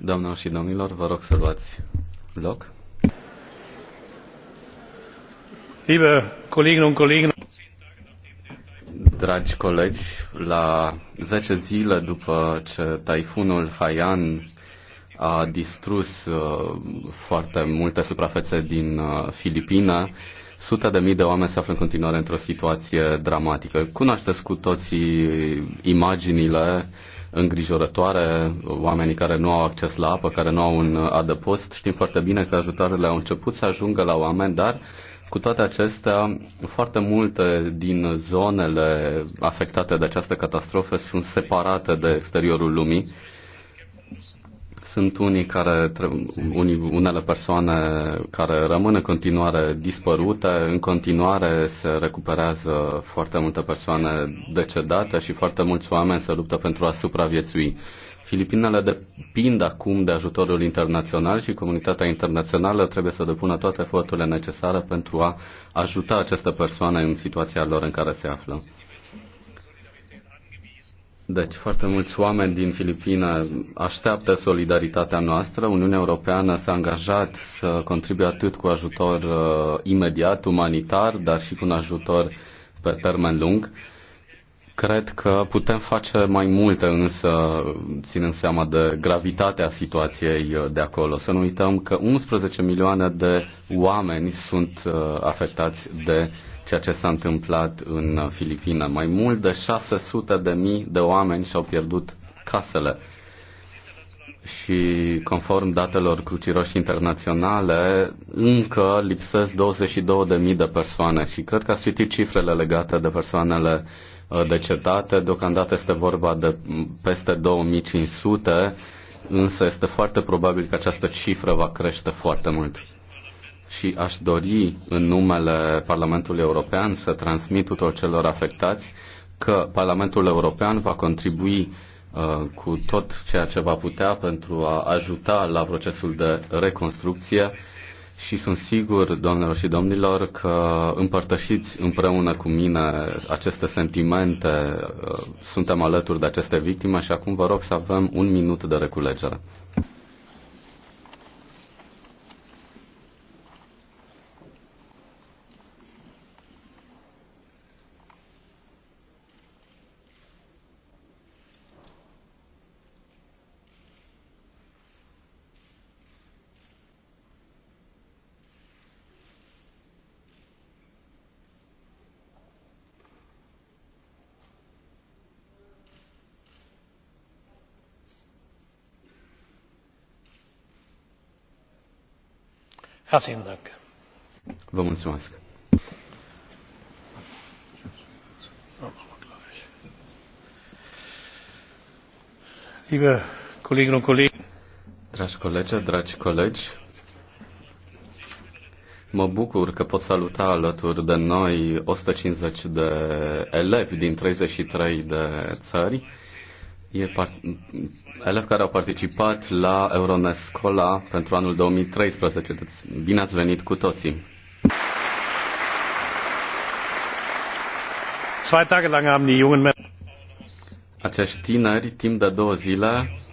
Doamnelor și domnilor, vă rog să luați loc. Liebe Kolleginnen und Kollegen, Dragi colegi, la 10 zile după ce taifunul Haiyan a distrus uh, foarte multe suprafețe din uh, Filipina, sute de mii de oameni se află în continuare într-o situație dramatică. Cunoașteți cu toții imaginile îngrijorătoare, oamenii care nu au acces la apă, care nu au un adăpost. Știm foarte bine că ajutoarele au început să ajungă la oameni, dar cu toate acestea, foarte multe din zonele afectate de această catastrofă sunt separate de exteriorul lumii sunt unii care, unii, unele persoane care rămân în continuare dispărute, în continuare se recuperează foarte multe persoane decedate și foarte mulți oameni se luptă pentru a supraviețui. Filipinele depind acum de ajutorul internațional și comunitatea internațională trebuie să depună toate eforturile necesare pentru a ajuta aceste persoane în situația lor în care se află. Deci, foarte mulți oameni din Filipine așteaptă solidaritatea noastră. Uniunea Europeană s-a angajat să contribuie atât cu ajutor uh, imediat, umanitar, dar și cu un ajutor pe termen lung. Cred că putem face mai multe, însă ținând seama de gravitatea situației uh, de acolo. Să nu uităm că 11 milioane de oameni sunt uh, afectați de uh, ceea ce s-a întâmplat în Filipine. Mai mult de 600 de mii de oameni și-au pierdut casele. Și conform datelor Crucii Roșii Internaționale, încă lipsesc 22 de persoane și cred că ați citit cifrele legate de persoanele uh, decetate. Deocamdată este vorba de mm, peste 2500, însă este foarte probabil că această cifră va crește foarte mult și aș dori în numele Parlamentului European să transmit tuturor celor afectați că Parlamentul European va contribui uh, cu tot ceea ce va putea pentru a ajuta la procesul de reconstrucție și sunt sigur, doamnelor și domnilor, că împărtășiți împreună cu mine aceste sentimente, uh, suntem alături de aceste victime și acum vă rog să avem un minut de reculegere. Herzlichen Dank. Vă mulțumesc. Liebe Kolleginnen und Kollegen, dragi colegi, dragi colegi, Mă bucur că pot saluta alături de noi 150 de elevi din 33 de țări e part- elevi care au participat la Euronescola pentru anul 2013. Deci, bine ați venit cu toții! Zwei Tage lang haben die jungen acești tineri, timp de două zile,